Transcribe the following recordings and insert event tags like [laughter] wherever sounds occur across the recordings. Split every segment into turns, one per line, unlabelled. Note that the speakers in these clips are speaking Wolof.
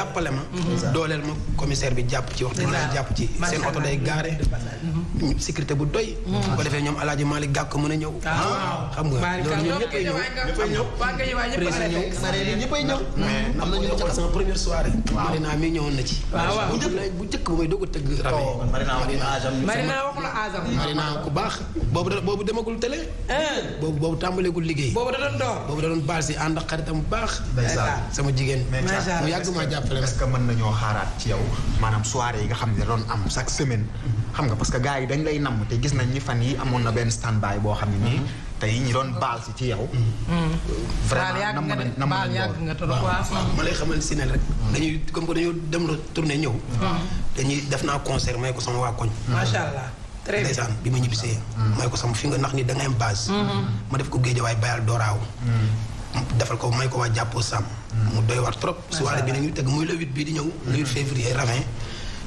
jàppale ma. dooleel ma commissaire bi jàpp ci waxtu bi jàpp ci. seen oto day gaare. Mm-hmm. sécurité bu doy. bu mm-hmm. defee ñoom El Hadj Malick Gàkk mën a ñëw. Ah, ah, xam nga loolu ñoom ñëppay ñëw. ñëppay ñëw président ñëw saree na mi ñëwoon na ci. Ah, bu njëkk bu njëkk ba may doog a tëgg rabe. Marina wax baax boobu da boobu demagul télé. Eh. boobu boobu tàmbaleegul liggéey. boobu da doon door boobu da doon baal si ànd xaritam bu baax. sama jigéen mu yàgg maa jàpp est-ce que mën nañoo xaaraat ci yow maanaam soirée yi nga xam ne doon am chaque semaine. xam nga parce que gars yi dañ lay namm te gis nañ fan yi amoon na benn stand-by boo xam ne nii. Mm-hmm. tey ñi doon baal si ci yow.
Mm-hmm.
ma lay xamal si rek. Mm-hmm. dañuy comme que dañoo dem la tournée ñëw. dañuy def naa concert may ko sama waa koñ. macha allah. très bi ma ñibbisee. may ko sama fi nga nax ni da ngay am base. ma def ko géejawaay bayal dooraaw. defal ko may ko waa jàppoo sàmm mm. mu doy war trop soirée bi nañu teg muy le huit bii di ñëw le huit mm. février ravin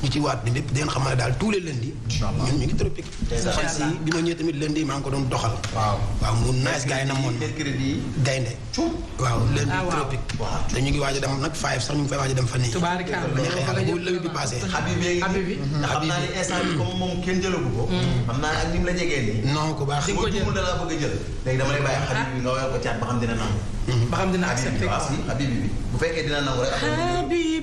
ñu ci waat ni lépp di ngeen xam ne daal tous les lundi. ñun ñu ngi tropique. fan si bi ma maa ngi ko doon doxal. waaw mu nice gars na moon. mercredi gaynde waaw lundi ah, tropique. te ñu ngi waaj a dem nag five sax ñu ngi fay waaj a dem fan yii. tubaarikàlla bu lëwi bi passé. Habib Habib xam naa ne instant bi comme moom kenn jëlagu ko. Mm. xam naa ak ni mu la jegee nii. non ku baax. di nga ko jël da laa bëgg a jël. Ah. dina nangu. ba xam dina accepté fekkee dina nangu rek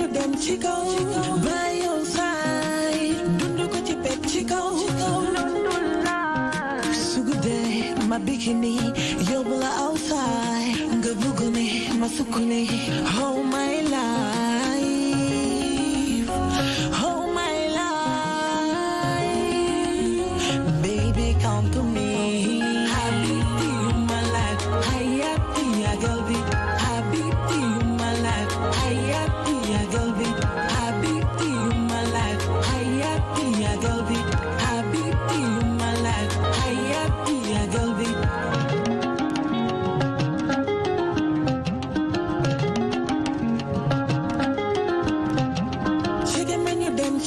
ci kaw bàyyi yow saay ci kaw su ma bikini yóbbu la aw saay nga ma sukk ne oh,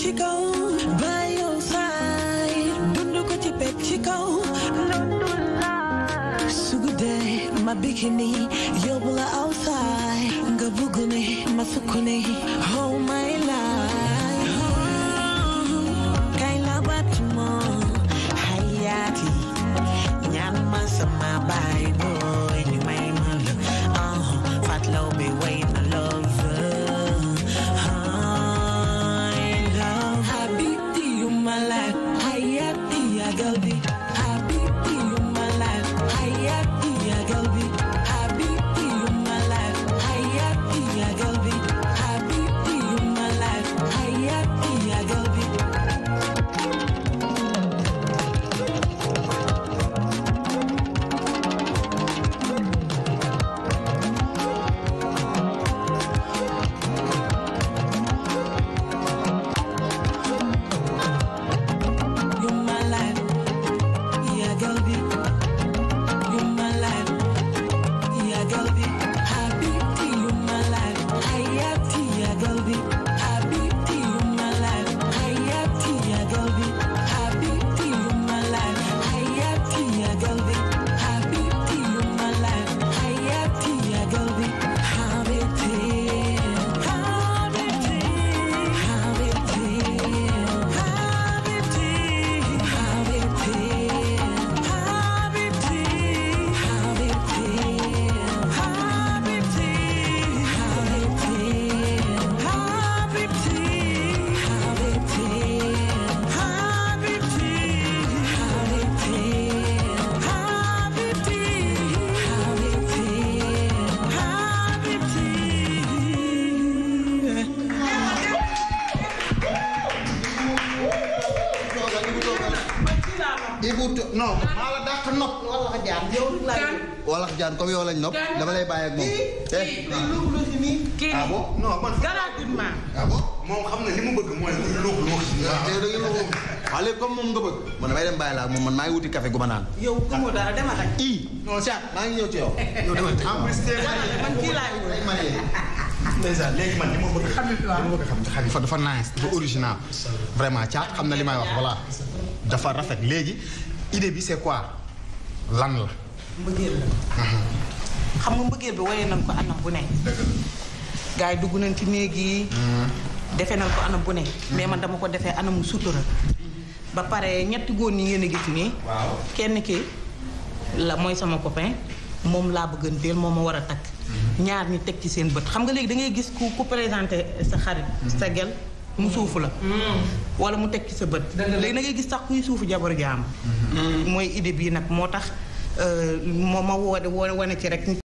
ci kaw ba yow saay ko ci pegg ci kaw londul ma bikini yóbbu la outside ma sukk ne oh la garde
Ibou non maa la yow lañ nopp dama lay bàyyi ak moom. kii eh? kii ah, ah bon non moom xam na li mu bëgg mooy lu lu lu. waaw ah, tey da nga ah, léegi moom nga bëgg. man damay dem bàyyi la ak moom man maa ngi wuti café gu ma naan. yow gëmoo dara demal ak. i non Thiat maa ngi ñëw ci yow. yow [laughs] demal ci man kii laa ndeysaan léegi man li ma bëgg xam li ma bëgg xam xalifa dafa nice dafa original vraiment Thiat xam na li may wax voilà dafa rafet léegi idée bi c'est quoi lan la. Mhm. xam nga mbëggeel bi woyee nañ ko anam bu ne. gars yi dugg nañ ci néeg yi. Mhm. defee nañ ko anam bu ne. Mhm. mais man dama ko defee anamu sutura. ba pare ñetti góor ñi ngeen a gis nii. kenn ki la mooy sama copain moom laa bëgganteel moom ma war a takk. ñaar ñu teg ci seen bët xam nga léegi da ngay gis ku ku présenté sa xarit. sa gel mu suufu la. Mm. wala mu teg ci sa bët. léegi nag ngay gis sax kuy suufu jabar
jaam. Mm-hmm. mooy idée bii nag moo tax euh, moo ma woo wane ci rek.